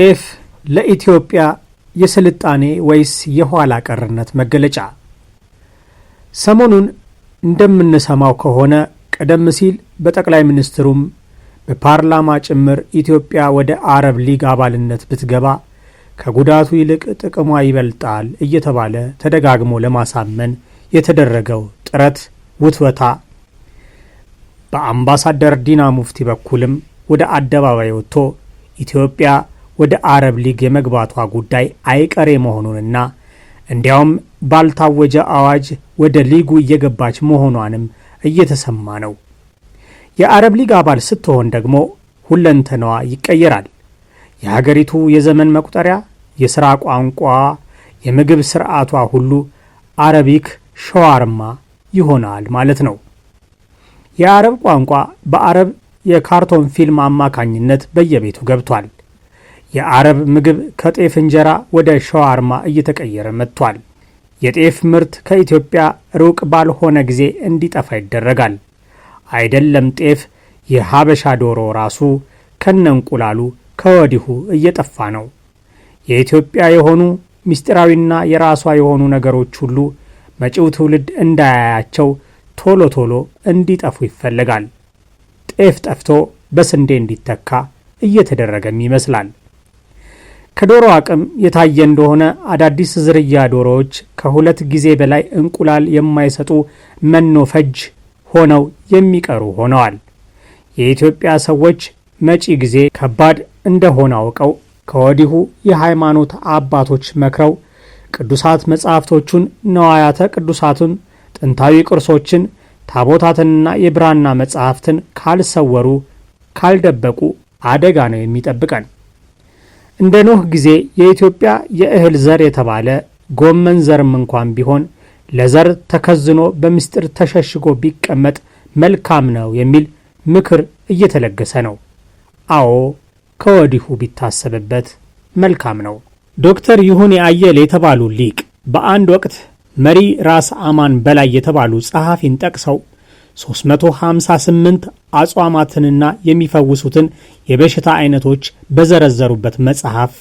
ጤፍ ለኢትዮጵያ የስልጣኔ ወይስ የኋላ ቀርነት መገለጫ? ሰሞኑን እንደምንሰማው ከሆነ ቀደም ሲል በጠቅላይ ሚኒስትሩም በፓርላማ ጭምር ኢትዮጵያ ወደ አረብ ሊግ አባልነት ብትገባ ከጉዳቱ ይልቅ ጥቅሟ ይበልጣል እየተባለ ተደጋግሞ ለማሳመን የተደረገው ጥረት ውትወታ፣ በአምባሳደር ዲና ሙፍቲ በኩልም ወደ አደባባይ ወጥቶ ኢትዮጵያ ወደ አረብ ሊግ የመግባቷ ጉዳይ አይቀሬ መሆኑንና እንዲያውም ባልታወጀ አዋጅ ወደ ሊጉ እየገባች መሆኗንም እየተሰማ ነው። የአረብ ሊግ አባል ስትሆን ደግሞ ሁለንተናዋ ይቀየራል። የሀገሪቱ የዘመን መቁጠሪያ፣ የሥራ ቋንቋ፣ የምግብ ስርዓቷ ሁሉ አረቢክ ሸዋርማ ይሆናል ማለት ነው። የአረብ ቋንቋ በአረብ የካርቶን ፊልም አማካኝነት በየቤቱ ገብቷል። የአረብ ምግብ ከጤፍ እንጀራ ወደ ሸዋርማ እየተቀየረ መጥቷል። የጤፍ ምርት ከኢትዮጵያ ሩቅ ባልሆነ ጊዜ እንዲጠፋ ይደረጋል። አይደለም ጤፍ፣ የሀበሻ ዶሮ ራሱ ከነ እንቁላሉ ከወዲሁ እየጠፋ ነው። የኢትዮጵያ የሆኑ ምስጢራዊና የራሷ የሆኑ ነገሮች ሁሉ መጪው ትውልድ እንዳያያቸው ቶሎ ቶሎ እንዲጠፉ ይፈለጋል። ጤፍ ጠፍቶ በስንዴ እንዲተካ እየተደረገም ይመስላል። ከዶሮ አቅም የታየ እንደሆነ አዳዲስ ዝርያ ዶሮዎች ከሁለት ጊዜ በላይ እንቁላል የማይሰጡ መኖ ፈጅ ሆነው የሚቀሩ ሆነዋል። የኢትዮጵያ ሰዎች መጪ ጊዜ ከባድ እንደሆነ አውቀው ከወዲሁ የሃይማኖት አባቶች መክረው ቅዱሳት መጻሕፍቶቹን፣ ነዋያተ ቅዱሳቱን፣ ጥንታዊ ቅርሶችን፣ ታቦታትንና የብራና መጻሕፍትን ካልሰወሩ ካልደበቁ አደጋ ነው የሚጠብቀን። እንደ ኖህ ጊዜ የኢትዮጵያ የእህል ዘር የተባለ ጎመን ዘርም እንኳን ቢሆን ለዘር ተከዝኖ በምስጢር ተሸሽጎ ቢቀመጥ መልካም ነው የሚል ምክር እየተለገሰ ነው። አዎ ከወዲሁ ቢታሰብበት መልካም ነው። ዶክተር ይሁኔ አየል የተባሉ ሊቅ በአንድ ወቅት መሪ ራስ አማን በላይ የተባሉ ጸሐፊን ጠቅሰው 358 አጽዋማትንና የሚፈውሱትን የበሽታ አይነቶች በዘረዘሩበት መጽሐፍ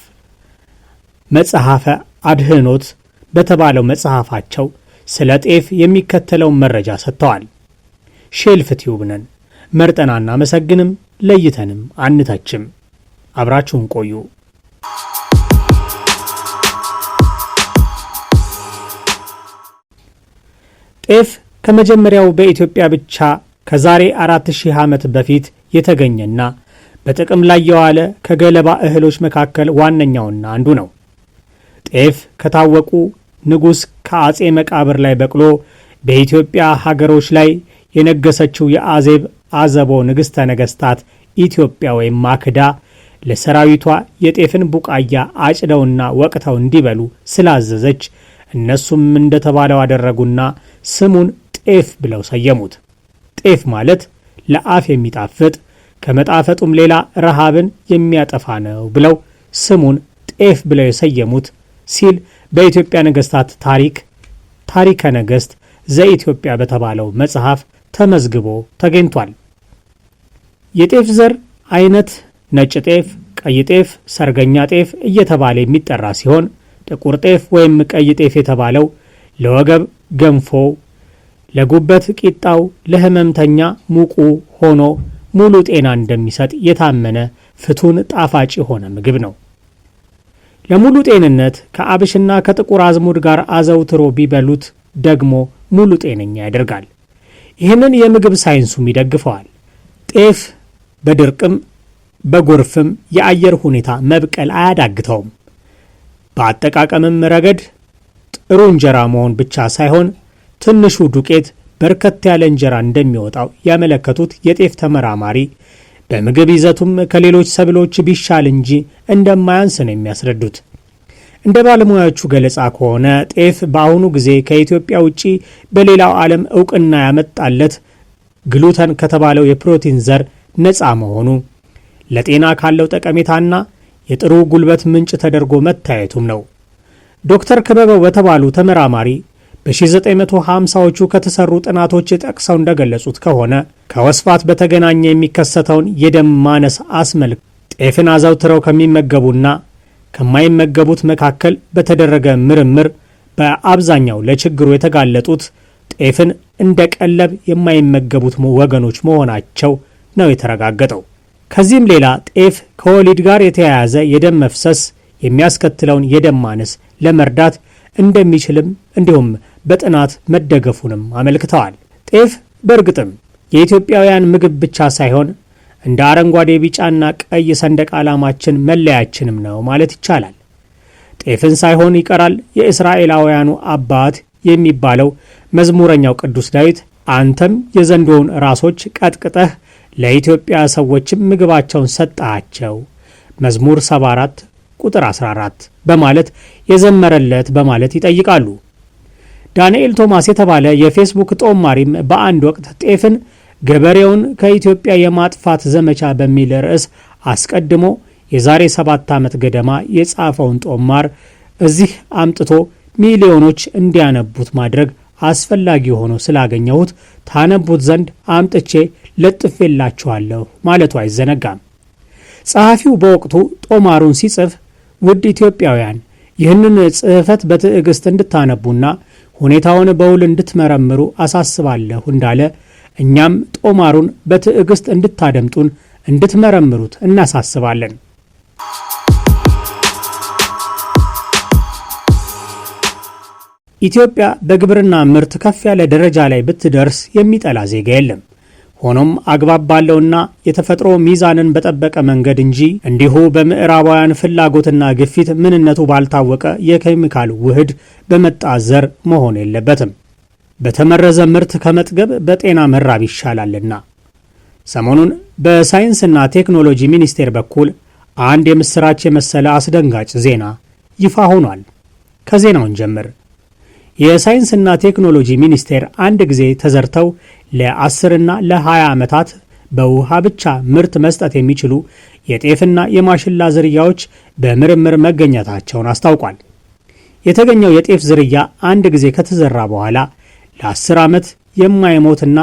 መጽሐፈ አድህኖት በተባለው መጽሐፋቸው ስለ ጤፍ የሚከተለውን መረጃ ሰጥተዋል። ሼልፍ ቲዩብ ነን፣ መርጠን አናመሰግንም፣ ለይተንም አንተችም። አብራችሁን ቆዩ። ጤፍ ከመጀመሪያው በኢትዮጵያ ብቻ ከዛሬ 4000 ዓመት በፊት የተገኘና በጥቅም ላይ የዋለ ከገለባ እህሎች መካከል ዋነኛውና አንዱ ነው። ጤፍ ከታወቁ ንጉሥ ከአጼ መቃብር ላይ በቅሎ በኢትዮጵያ ሀገሮች ላይ የነገሰችው የአዜብ አዘቦ ንግሥተ ነገሥታት ኢትዮጵያ ወይም ማክዳ ለሰራዊቷ የጤፍን ቡቃያ አጭደውና ወቅተው እንዲበሉ ስላዘዘች እነሱም እንደተባለው አደረጉና ስሙን ጤፍ ብለው ሰየሙት። ጤፍ ማለት ለአፍ የሚጣፍጥ ከመጣፈጡም ሌላ ረሃብን የሚያጠፋ ነው ብለው ስሙን ጤፍ ብለው የሰየሙት ሲል በኢትዮጵያ ነገሥታት ታሪክ ታሪከ ነገሥት ዘኢትዮጵያ በተባለው መጽሐፍ ተመዝግቦ ተገኝቷል። የጤፍ ዘር አይነት ነጭ ጤፍ፣ ቀይ ጤፍ፣ ሰርገኛ ጤፍ እየተባለ የሚጠራ ሲሆን ጥቁር ጤፍ ወይም ቀይ ጤፍ የተባለው ለወገብ ገንፎ ለጉበት ቂጣው ለህመምተኛ ሙቁ ሆኖ ሙሉ ጤና እንደሚሰጥ የታመነ ፍቱን ጣፋጭ የሆነ ምግብ ነው። ለሙሉ ጤንነት ከአብሽና ከጥቁር አዝሙድ ጋር አዘውትሮ ቢበሉት ደግሞ ሙሉ ጤነኛ ያደርጋል። ይህንን የምግብ ሳይንሱም ይደግፈዋል። ጤፍ በድርቅም በጎርፍም የአየር ሁኔታ መብቀል አያዳግተውም። በአጠቃቀምም ረገድ ጥሩ እንጀራ መሆን ብቻ ሳይሆን ትንሹ ዱቄት በርከት ያለ እንጀራ እንደሚወጣው ያመለከቱት የጤፍ ተመራማሪ በምግብ ይዘቱም ከሌሎች ሰብሎች ቢሻል እንጂ እንደማያንስ ነው የሚያስረዱት። እንደ ባለሙያዎቹ ገለጻ ከሆነ ጤፍ በአሁኑ ጊዜ ከኢትዮጵያ ውጪ በሌላው ዓለም እውቅና ያመጣለት ግሉተን ከተባለው የፕሮቲን ዘር ነፃ መሆኑ ለጤና ካለው ጠቀሜታና የጥሩ ጉልበት ምንጭ ተደርጎ መታየቱም ነው። ዶክተር ክበበው በተባሉ ተመራማሪ በ1950ዎቹ ከተሰሩ ጥናቶች ጠቅሰው እንደገለጹት ከሆነ ከወስፋት በተገናኘ የሚከሰተውን የደም ማነስ አስመልክ ጤፍን አዘውትረው ከሚመገቡና ከማይመገቡት መካከል በተደረገ ምርምር በአብዛኛው ለችግሩ የተጋለጡት ጤፍን እንደ ቀለብ የማይመገቡት ወገኖች መሆናቸው ነው የተረጋገጠው። ከዚህም ሌላ ጤፍ ከወሊድ ጋር የተያያዘ የደም መፍሰስ የሚያስከትለውን የደም ማነስ ለመርዳት እንደሚችልም እንዲሁም በጥናት መደገፉንም አመልክተዋል። ጤፍ በእርግጥም የኢትዮጵያውያን ምግብ ብቻ ሳይሆን እንደ አረንጓዴ፣ ቢጫና ቀይ ሰንደቅ ዓላማችን መለያችንም ነው ማለት ይቻላል። ጤፍን ሳይሆን ይቀራል የእስራኤላውያኑ አባት የሚባለው መዝሙረኛው ቅዱስ ዳዊት አንተም የዘንዶውን ራሶች ቀጥቅጠህ ለኢትዮጵያ ሰዎችም ምግባቸውን ሰጣቸው መዝሙር 74 ቁጥር 14 በማለት የዘመረለት በማለት ይጠይቃሉ። ዳንኤል ቶማስ የተባለ የፌስቡክ ጦማሪም በአንድ ወቅት ጤፍን ገበሬውን ከኢትዮጵያ የማጥፋት ዘመቻ በሚል ርዕስ አስቀድሞ የዛሬ ሰባት ዓመት ገደማ የጻፈውን ጦማር እዚህ አምጥቶ ሚሊዮኖች እንዲያነቡት ማድረግ አስፈላጊ ሆኖ ስላገኘሁት ታነቡት ዘንድ አምጥቼ ለጥፌላችኋለሁ ማለቱ አይዘነጋም። ጸሐፊው በወቅቱ ጦማሩን ሲጽፍ ውድ ኢትዮጵያውያን ይህንን ጽሕፈት በትዕግሥት እንድታነቡና ሁኔታውን በውል እንድትመረምሩ አሳስባለሁ እንዳለ እኛም ጦማሩን በትዕግሥት እንድታደምጡን እንድትመረምሩት እናሳስባለን። ኢትዮጵያ በግብርና ምርት ከፍ ያለ ደረጃ ላይ ብትደርስ የሚጠላ ዜጋ የለም። ሆኖም አግባብ ባለውና የተፈጥሮ ሚዛንን በጠበቀ መንገድ እንጂ እንዲሁ በምዕራባውያን ፍላጎትና ግፊት ምንነቱ ባልታወቀ የኬሚካል ውህድ በመጣዘር መሆን የለበትም። በተመረዘ ምርት ከመጥገብ በጤና መራብ ይሻላልና። ሰሞኑን በሳይንስና ቴክኖሎጂ ሚኒስቴር በኩል አንድ የምሥራች የመሰለ አስደንጋጭ ዜና ይፋ ሆኗል። ከዜናውን ጀምር። የሳይንስና ቴክኖሎጂ ሚኒስቴር አንድ ጊዜ ተዘርተው ለአስርና ለ20 ዓመታት በውሃ ብቻ ምርት መስጠት የሚችሉ የጤፍና የማሽላ ዝርያዎች በምርምር መገኘታቸውን አስታውቋል። የተገኘው የጤፍ ዝርያ አንድ ጊዜ ከተዘራ በኋላ ለአስር ዓመት የማይሞትና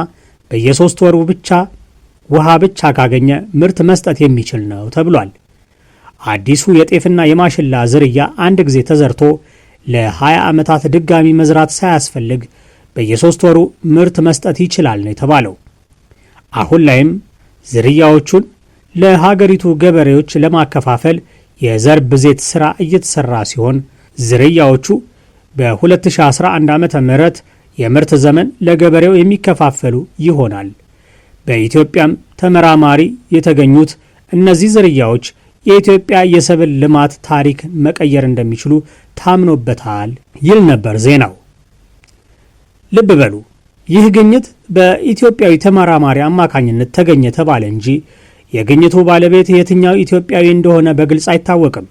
በየሶስት ወሩ ብቻ ውሃ ብቻ ካገኘ ምርት መስጠት የሚችል ነው ተብሏል። አዲሱ የጤፍና የማሽላ ዝርያ አንድ ጊዜ ተዘርቶ ለ20 ዓመታት ድጋሚ መዝራት ሳያስፈልግ በየሶስት ወሩ ምርት መስጠት ይችላል ነው የተባለው። አሁን ላይም ዝርያዎቹን ለሀገሪቱ ገበሬዎች ለማከፋፈል የዘር ብዜት ሥራ እየተሠራ ሲሆን ዝርያዎቹ በ2011 ዓ ም የምርት ዘመን ለገበሬው የሚከፋፈሉ ይሆናል። በኢትዮጵያም ተመራማሪ የተገኙት እነዚህ ዝርያዎች የኢትዮጵያ የሰብል ልማት ታሪክ መቀየር እንደሚችሉ ታምኖበታል ይል ነበር ዜናው። ልብ በሉ ይህ ግኝት በኢትዮጵያዊ ተመራማሪ አማካኝነት ተገኘ ተባለ እንጂ የግኝቱ ባለቤት የትኛው ኢትዮጵያዊ እንደሆነ በግልጽ አይታወቅም።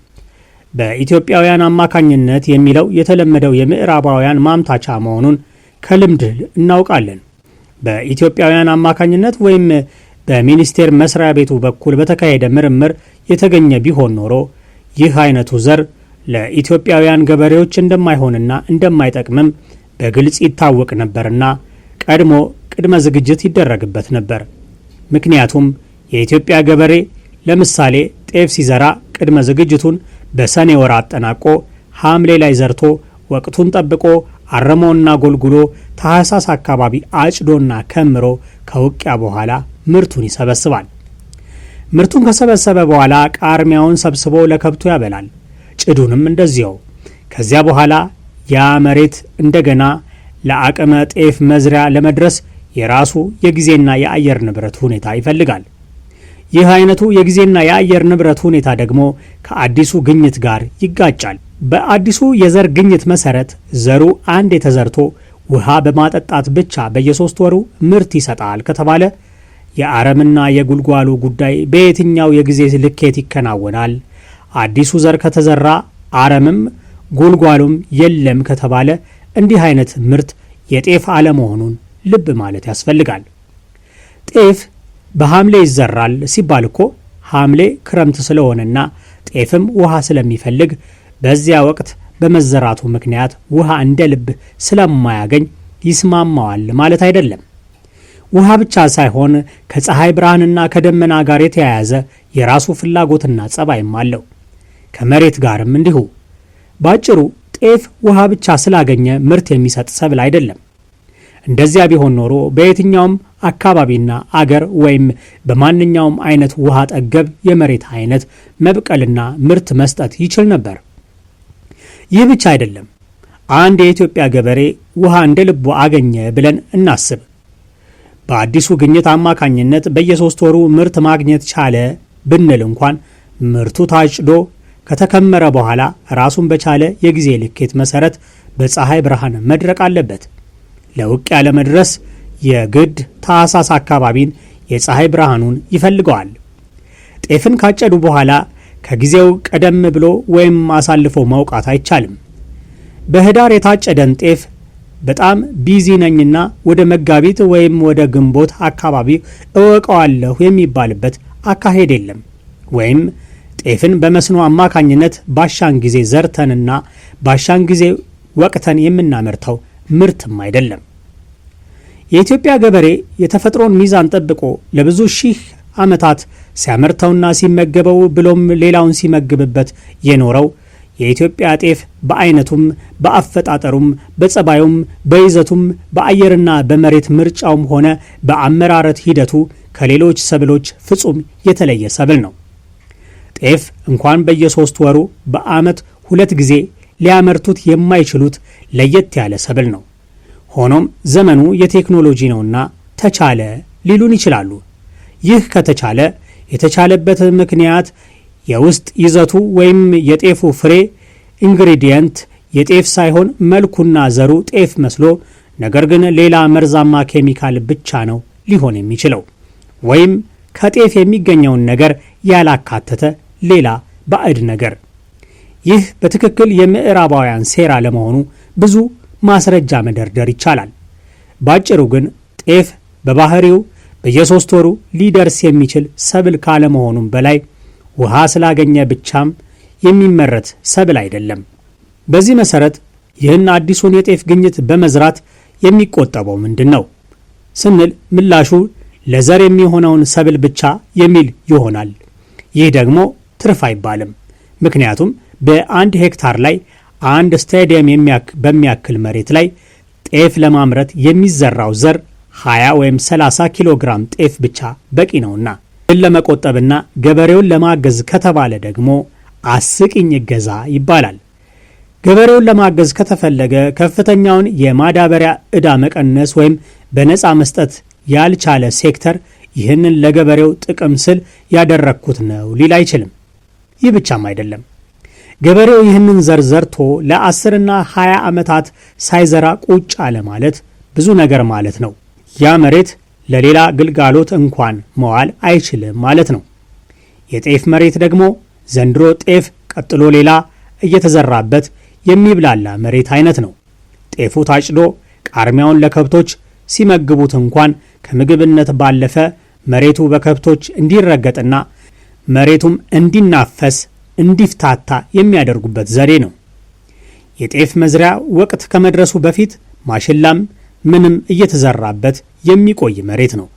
በኢትዮጵያውያን አማካኝነት የሚለው የተለመደው የምዕራባውያን ማምታቻ መሆኑን ከልምድ እናውቃለን። በኢትዮጵያውያን አማካኝነት ወይም በሚኒስቴር መስሪያ ቤቱ በኩል በተካሄደ ምርምር የተገኘ ቢሆን ኖሮ ይህ አይነቱ ዘር ለኢትዮጵያውያን ገበሬዎች እንደማይሆንና እንደማይጠቅምም በግልጽ ይታወቅ ነበርና ቀድሞ ቅድመ ዝግጅት ይደረግበት ነበር። ምክንያቱም የኢትዮጵያ ገበሬ ለምሳሌ ጤፍ ሲዘራ ቅድመ ዝግጅቱን በሰኔ ወር አጠናቆ ሐምሌ ላይ ዘርቶ ወቅቱን ጠብቆ አርሞና ጎልጉሎ ታህሳስ አካባቢ አጭዶና ከምሮ ከውቂያ በኋላ ምርቱን ይሰበስባል። ምርቱን ከሰበሰበ በኋላ ቃርሚያውን ሰብስቦ ለከብቱ ያበላል። ጭዱንም እንደዚያው። ከዚያ በኋላ ያ መሬት እንደገና ለአቅመ ጤፍ መዝሪያ ለመድረስ የራሱ የጊዜና የአየር ንብረት ሁኔታ ይፈልጋል። ይህ አይነቱ የጊዜና የአየር ንብረት ሁኔታ ደግሞ ከአዲሱ ግኝት ጋር ይጋጫል። በአዲሱ የዘር ግኝት መሰረት ዘሩ አንዴ ተዘርቶ ውሃ በማጠጣት ብቻ በየሶስት ወሩ ምርት ይሰጣል ከተባለ የአረምና የጉልጓሉ ጉዳይ በየትኛው የጊዜ ልኬት ይከናወናል? አዲሱ ዘር ከተዘራ አረምም ጉልጓሉም የለም ከተባለ እንዲህ አይነት ምርት የጤፍ አለመሆኑን ልብ ማለት ያስፈልጋል። ጤፍ በሐምሌ ይዘራል ሲባል እኮ ሐምሌ ክረምት ስለሆነና ጤፍም ውሃ ስለሚፈልግ በዚያ ወቅት በመዘራቱ ምክንያት ውሃ እንደ ልብ ስለማያገኝ ይስማማዋል ማለት አይደለም። ውሃ ብቻ ሳይሆን ከፀሐይ ብርሃንና ከደመና ጋር የተያያዘ የራሱ ፍላጎትና ጸባይም አለው። ከመሬት ጋርም እንዲሁ ባጭሩ ጤፍ ውሃ ብቻ ስላገኘ ምርት የሚሰጥ ሰብል አይደለም። እንደዚያ ቢሆን ኖሮ በየትኛውም አካባቢና አገር ወይም በማንኛውም አይነት ውሃ ጠገብ የመሬት አይነት መብቀልና ምርት መስጠት ይችል ነበር። ይህ ብቻ አይደለም። አንድ የኢትዮጵያ ገበሬ ውሃ እንደ ልቡ አገኘ ብለን እናስብ። በአዲሱ ግኝት አማካኝነት በየሶስት ወሩ ምርት ማግኘት ቻለ ብንል እንኳን ምርቱ ታጭዶ ከተከመረ በኋላ ራሱን በቻለ የጊዜ ልኬት መሰረት በፀሐይ ብርሃን መድረቅ አለበት። ያለ መድረስ የግድ ታህሳስ አካባቢን የፀሐይ ብርሃኑን ይፈልገዋል። ጤፍን ካጨዱ በኋላ ከጊዜው ቀደም ብሎ ወይም አሳልፎ መውቃት አይቻልም። በህዳር የታጨደን ጤፍ በጣም ቢዚ ነኝና ወደ መጋቢት ወይም ወደ ግንቦት አካባቢ እወቀዋለሁ የሚባልበት አካሄድ የለም። ወይም ጤፍን በመስኖ አማካኝነት ባሻን ጊዜ ዘርተንና ባሻን ጊዜ ወቅተን የምናመርተው ምርትም አይደለም። የኢትዮጵያ ገበሬ የተፈጥሮን ሚዛን ጠብቆ ለብዙ ሺህ ዓመታት ሲያመርተውና ሲመገበው ብሎም ሌላውን ሲመግብበት የኖረው የኢትዮጵያ ጤፍ በአይነቱም በአፈጣጠሩም በጸባዩም በይዘቱም በአየርና በመሬት ምርጫውም ሆነ በአመራረት ሂደቱ ከሌሎች ሰብሎች ፍጹም የተለየ ሰብል ነው። ጤፍ እንኳን በየሶስት ወሩ በዓመት ሁለት ጊዜ ሊያመርቱት የማይችሉት ለየት ያለ ሰብል ነው። ሆኖም ዘመኑ የቴክኖሎጂ ነውና ተቻለ ሊሉን ይችላሉ። ይህ ከተቻለ የተቻለበት ምክንያት የውስጥ ይዘቱ ወይም የጤፉ ፍሬ ኢንግሪዲየንት የጤፍ ሳይሆን መልኩና ዘሩ ጤፍ መስሎ ነገር ግን ሌላ መርዛማ ኬሚካል ብቻ ነው ሊሆን የሚችለው ወይም ከጤፍ የሚገኘውን ነገር ያላካተተ ሌላ ባዕድ ነገር። ይህ በትክክል የምዕራባውያን ሴራ ለመሆኑ ብዙ ማስረጃ መደርደር ይቻላል። ባጭሩ ግን ጤፍ በባህሪው በየሶስት ወሩ ሊደርስ የሚችል ሰብል ካለመሆኑም በላይ ውሃ ስላገኘ ብቻም የሚመረት ሰብል አይደለም። በዚህ መሰረት ይህን አዲሱን የጤፍ ግኝት በመዝራት የሚቆጠበው ምንድን ነው ስንል ምላሹ ለዘር የሚሆነውን ሰብል ብቻ የሚል ይሆናል። ይህ ደግሞ ትርፍ አይባልም። ምክንያቱም በአንድ ሄክታር ላይ አንድ ስታዲየም በሚያክል መሬት ላይ ጤፍ ለማምረት የሚዘራው ዘር 20 ወይም 30 ኪሎ ግራም ጤፍ ብቻ በቂ ነውና ግን ለመቆጠብና ገበሬውን ለማገዝ ከተባለ ደግሞ አስቂኝ እገዛ ይባላል። ገበሬውን ለማገዝ ከተፈለገ ከፍተኛውን የማዳበሪያ ዕዳ መቀነስ ወይም በነፃ መስጠት ያልቻለ ሴክተር ይህንን ለገበሬው ጥቅም ስል ያደረግኩት ነው ሊል አይችልም። ይህ ብቻም አይደለም። ገበሬው ይህንን ዘር ዘርቶ ለአስርና ሀያ ዓመታት ሳይዘራ ቁጭ አለ ማለት ብዙ ነገር ማለት ነው። ያ መሬት ለሌላ ግልጋሎት እንኳን መዋል አይችልም ማለት ነው። የጤፍ መሬት ደግሞ ዘንድሮ ጤፍ፣ ቀጥሎ ሌላ እየተዘራበት የሚብላላ መሬት አይነት ነው። ጤፉ ታጭዶ ቃርሚያውን ለከብቶች ሲመግቡት እንኳን ከምግብነት ባለፈ መሬቱ በከብቶች እንዲረገጥና መሬቱም እንዲናፈስ እንዲፍታታ የሚያደርጉበት ዘዴ ነው። የጤፍ መዝሪያ ወቅት ከመድረሱ በፊት ማሽላም ምንም እየተዘራበት የሚቆይ መሬት ነው።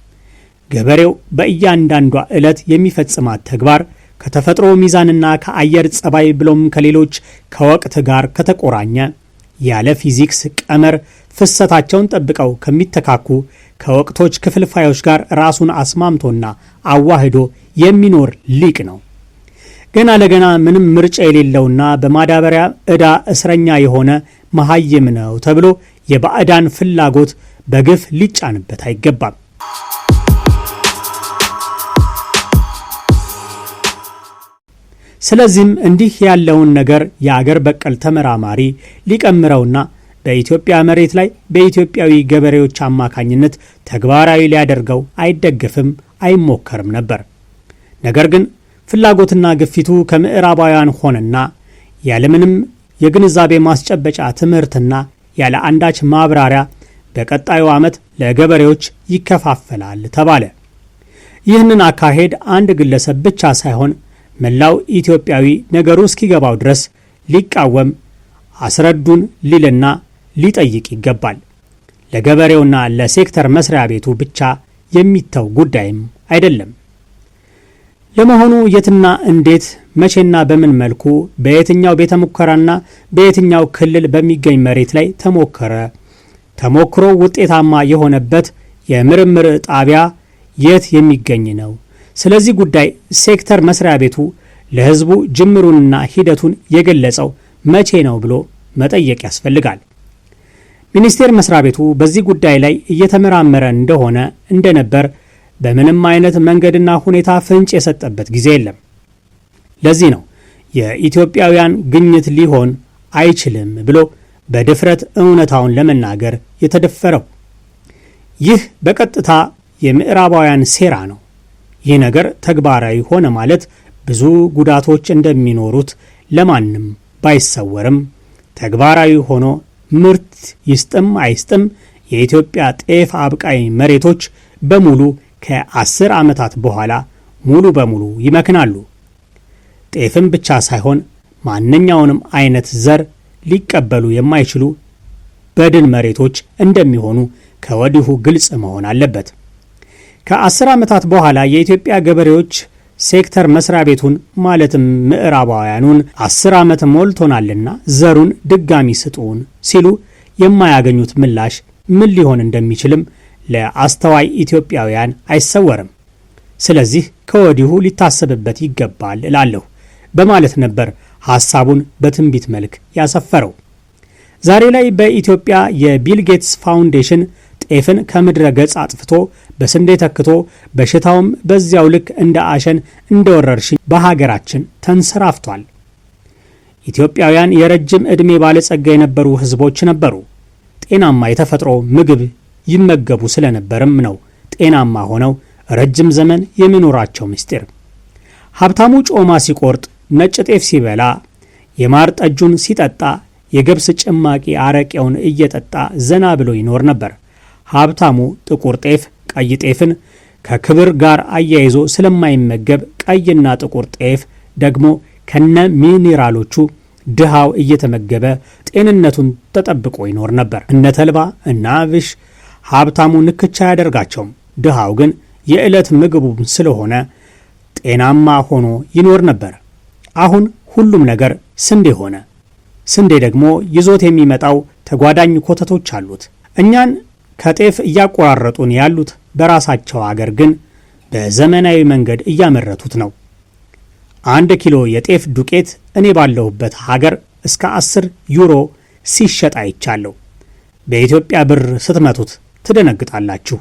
ገበሬው በእያንዳንዷ ዕለት የሚፈጽማት ተግባር ከተፈጥሮ ሚዛንና ከአየር ጸባይ ብሎም ከሌሎች ከወቅት ጋር ከተቆራኘ ያለ ፊዚክስ ቀመር ፍሰታቸውን ጠብቀው ከሚተካኩ ከወቅቶች ክፍልፋዮች ጋር ራሱን አስማምቶና አዋህዶ የሚኖር ሊቅ ነው። ገና ለገና ምንም ምርጫ የሌለውና በማዳበሪያ ዕዳ እስረኛ የሆነ መሐይም ነው ተብሎ የባዕዳን ፍላጎት በግፍ ሊጫንበት አይገባም። ስለዚህም እንዲህ ያለውን ነገር የአገር በቀል ተመራማሪ ሊቀምረውና በኢትዮጵያ መሬት ላይ በኢትዮጵያዊ ገበሬዎች አማካኝነት ተግባራዊ ሊያደርገው አይደገፍም፣ አይሞከርም ነበር። ነገር ግን ፍላጎትና ግፊቱ ከምዕራባውያን ሆነና ያለምንም የግንዛቤ ማስጨበጫ ትምህርትና ያለ አንዳች ማብራሪያ በቀጣዩ ዓመት ለገበሬዎች ይከፋፈላል ተባለ። ይህንን አካሄድ አንድ ግለሰብ ብቻ ሳይሆን መላው ኢትዮጵያዊ ነገሩ እስኪገባው ድረስ ሊቃወም አስረዱን ሊልና ሊጠይቅ ይገባል። ለገበሬውና ለሴክተር መስሪያ ቤቱ ብቻ የሚተው ጉዳይም አይደለም። ለመሆኑ የትና እንዴት መቼና በምን መልኩ በየትኛው ቤተ ሙከራና በየትኛው ክልል በሚገኝ መሬት ላይ ተሞከረ? ተሞክሮ ውጤታማ የሆነበት የምርምር ጣቢያ የት የሚገኝ ነው? ስለዚህ ጉዳይ ሴክተር መስሪያ ቤቱ ለሕዝቡ ጅምሩንና ሂደቱን የገለጸው መቼ ነው ብሎ መጠየቅ ያስፈልጋል። ሚኒስቴር መስሪያ ቤቱ በዚህ ጉዳይ ላይ እየተመራመረ እንደሆነ እንደነበር በምንም አይነት መንገድና ሁኔታ ፍንጭ የሰጠበት ጊዜ የለም። ለዚህ ነው የኢትዮጵያውያን ግኝት ሊሆን አይችልም ብሎ በድፍረት እውነታውን ለመናገር የተደፈረው። ይህ በቀጥታ የምዕራባውያን ሴራ ነው። ይህ ነገር ተግባራዊ ሆነ ማለት ብዙ ጉዳቶች እንደሚኖሩት ለማንም ባይሰወርም ተግባራዊ ሆኖ ምርት ይስጥም አይስጥም የኢትዮጵያ ጤፍ አብቃይ መሬቶች በሙሉ ከአስር ዓመታት በኋላ ሙሉ በሙሉ ይመክናሉ። ጤፍም ብቻ ሳይሆን ማንኛውንም አይነት ዘር ሊቀበሉ የማይችሉ በድን መሬቶች እንደሚሆኑ ከወዲሁ ግልጽ መሆን አለበት። ከአስር ዓመታት በኋላ የኢትዮጵያ ገበሬዎች ሴክተር መስሪያ ቤቱን ማለትም ምዕራባውያኑን አስር ዓመት ሞልቶናልና ዘሩን ድጋሚ ስጡን ሲሉ የማያገኙት ምላሽ ምን ሊሆን እንደሚችልም ለአስተዋይ ኢትዮጵያውያን አይሰወርም። ስለዚህ ከወዲሁ ሊታሰብበት ይገባል እላለሁ በማለት ነበር ሐሳቡን በትንቢት መልክ ያሰፈረው። ዛሬ ላይ በኢትዮጵያ የቢል ጌትስ ፋውንዴሽን ጤፍን ከምድረ ገጽ አጥፍቶ በስንዴ ተክቶ በሽታውም በዚያው ልክ እንደ አሸን እንደ ወረርሽኝ በሀገራችን ተንሰራፍቷል። ኢትዮጵያውያን የረጅም ዕድሜ ባለጸጋ የነበሩ ሕዝቦች ነበሩ። ጤናማ የተፈጥሮ ምግብ ይመገቡ ስለነበርም ነው ጤናማ ሆነው ረጅም ዘመን የሚኖራቸው ምስጢር። ሀብታሙ ጮማ ሲቆርጥ፣ ነጭ ጤፍ ሲበላ፣ የማር ጠጁን ሲጠጣ፣ የገብስ ጭማቂ አረቄውን እየጠጣ ዘና ብሎ ይኖር ነበር። ሀብታሙ ጥቁር ጤፍ ቀይ ጤፍን ከክብር ጋር አያይዞ ስለማይመገብ ቀይና ጥቁር ጤፍ ደግሞ ከነ ሚኒራሎቹ ድሃው እየተመገበ ጤንነቱን ተጠብቆ ይኖር ነበር። እነ ተልባ እና አብሽ ሀብታሙ ንክቻ አያደርጋቸውም። ድሃው ግን የዕለት ምግቡም ስለሆነ ጤናማ ሆኖ ይኖር ነበር። አሁን ሁሉም ነገር ስንዴ ሆነ። ስንዴ ደግሞ ይዞት የሚመጣው ተጓዳኝ ኮተቶች አሉት። እኛን ከጤፍ እያቆራረጡን ያሉት በራሳቸው አገር ግን በዘመናዊ መንገድ እያመረቱት ነው። አንድ ኪሎ የጤፍ ዱቄት እኔ ባለሁበት ሀገር እስከ 10 ዩሮ ሲሸጥ አይቻለሁ። በኢትዮጵያ ብር ስትመቱት ትደነግጣላችሁ።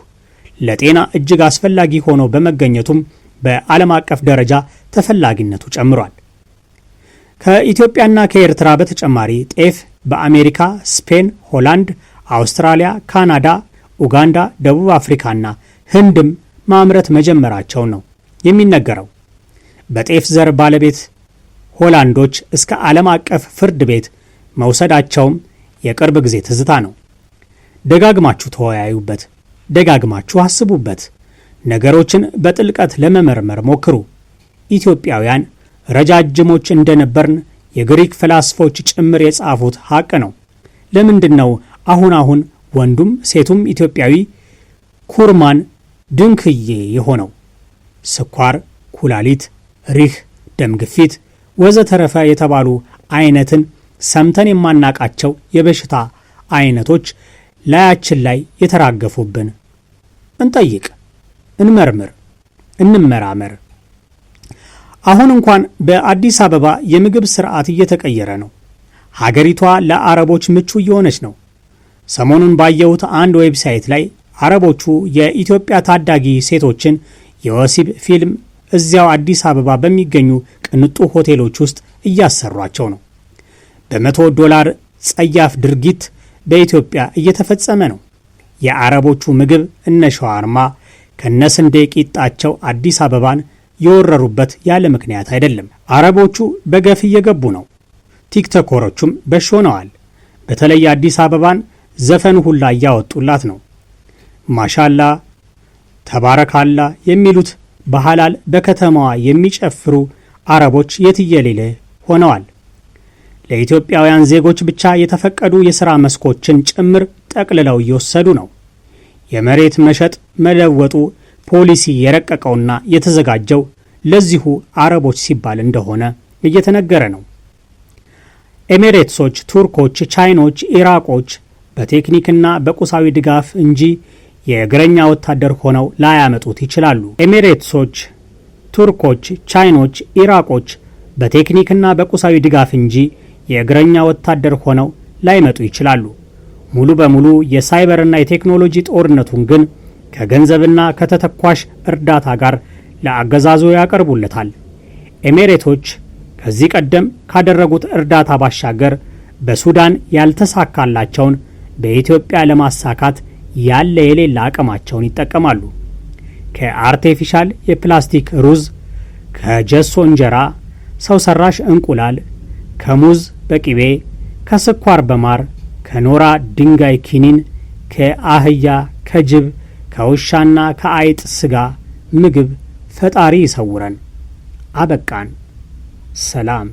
ለጤና እጅግ አስፈላጊ ሆኖ በመገኘቱም በዓለም አቀፍ ደረጃ ተፈላጊነቱ ጨምሯል። ከኢትዮጵያና ከኤርትራ በተጨማሪ ጤፍ በአሜሪካ፣ ስፔን፣ ሆላንድ አውስትራሊያ፣ ካናዳ፣ ኡጋንዳ፣ ደቡብ አፍሪካና ህንድም ማምረት መጀመራቸው ነው የሚነገረው። በጤፍ ዘር ባለቤት ሆላንዶች እስከ ዓለም አቀፍ ፍርድ ቤት መውሰዳቸውም የቅርብ ጊዜ ትዝታ ነው። ደጋግማችሁ ተወያዩበት፣ ደጋግማችሁ አስቡበት፣ ነገሮችን በጥልቀት ለመመርመር ሞክሩ። ኢትዮጵያውያን ረጃጅሞች እንደነበርን የግሪክ ፈላስፎች ጭምር የጻፉት ሐቅ ነው። ለምንድን ነው አሁን አሁን ወንዱም ሴቱም ኢትዮጵያዊ ኩርማን ድንክዬ የሆነው ስኳር፣ ኩላሊት፣ ሪህ፣ ደም ግፊት ወዘተረፈ የተባሉ አይነትን ሰምተን የማናቃቸው የበሽታ አይነቶች ላያችን ላይ የተራገፉብን። እንጠይቅ፣ እንመርምር፣ እንመራመር። አሁን እንኳን በአዲስ አበባ የምግብ ስርዓት እየተቀየረ ነው። ሀገሪቷ ለአረቦች ምቹ እየሆነች ነው። ሰሞኑን ባየሁት አንድ ዌብሳይት ላይ አረቦቹ የኢትዮጵያ ታዳጊ ሴቶችን የወሲብ ፊልም እዚያው አዲስ አበባ በሚገኙ ቅንጡ ሆቴሎች ውስጥ እያሰሯቸው ነው። በመቶ ዶላር ጸያፍ ድርጊት በኢትዮጵያ እየተፈጸመ ነው። የአረቦቹ ምግብ እነ ሸዋርማ ከነ ስንዴ ቂጣቸው አዲስ አበባን የወረሩበት ያለ ምክንያት አይደለም። አረቦቹ በገፍ እየገቡ ነው። ቲክቶከሮቹም በሾነዋል። በተለይ አዲስ አበባን ዘፈን ሁላ እያወጡላት ነው። ማሻላ ተባረካላ የሚሉት በሐላል በከተማዋ የሚጨፍሩ አረቦች የትየሌለ ሆነዋል። ለኢትዮጵያውያን ዜጎች ብቻ የተፈቀዱ የሥራ መስኮችን ጭምር ጠቅልለው እየወሰዱ ነው። የመሬት መሸጥ መለወጡ ፖሊሲ የረቀቀውና የተዘጋጀው ለዚሁ አረቦች ሲባል እንደሆነ እየተነገረ ነው። ኤሜሬትሶች፣ ቱርኮች፣ ቻይኖች፣ ኢራቆች በቴክኒክና በቁሳዊ ድጋፍ እንጂ የእግረኛ ወታደር ሆነው ላያመጡት ይችላሉ። ኤሚሬትሶች፣ ቱርኮች፣ ቻይኖች፣ ኢራቆች በቴክኒክና በቁሳዊ ድጋፍ እንጂ የእግረኛ ወታደር ሆነው ላይመጡ ይችላሉ። ሙሉ በሙሉ የሳይበርና የቴክኖሎጂ ጦርነቱን ግን ከገንዘብና ከተተኳሽ እርዳታ ጋር ለአገዛዙ ያቀርቡለታል። ኤሜሬቶች ከዚህ ቀደም ካደረጉት እርዳታ ባሻገር በሱዳን ያልተሳካላቸውን በኢትዮጵያ ለማሳካት ያለ የሌለ አቅማቸውን ይጠቀማሉ። ከአርቴፊሻል የፕላስቲክ ሩዝ፣ ከጀሶ እንጀራ፣ ሰው ሰራሽ እንቁላል፣ ከሙዝ በቅቤ፣ ከስኳር በማር፣ ከኖራ ድንጋይ ኪኒን፣ ከአህያ፣ ከጅብ፣ ከውሻና ከአይጥ ስጋ ምግብ ፈጣሪ ይሰውረን። አበቃን። ሰላም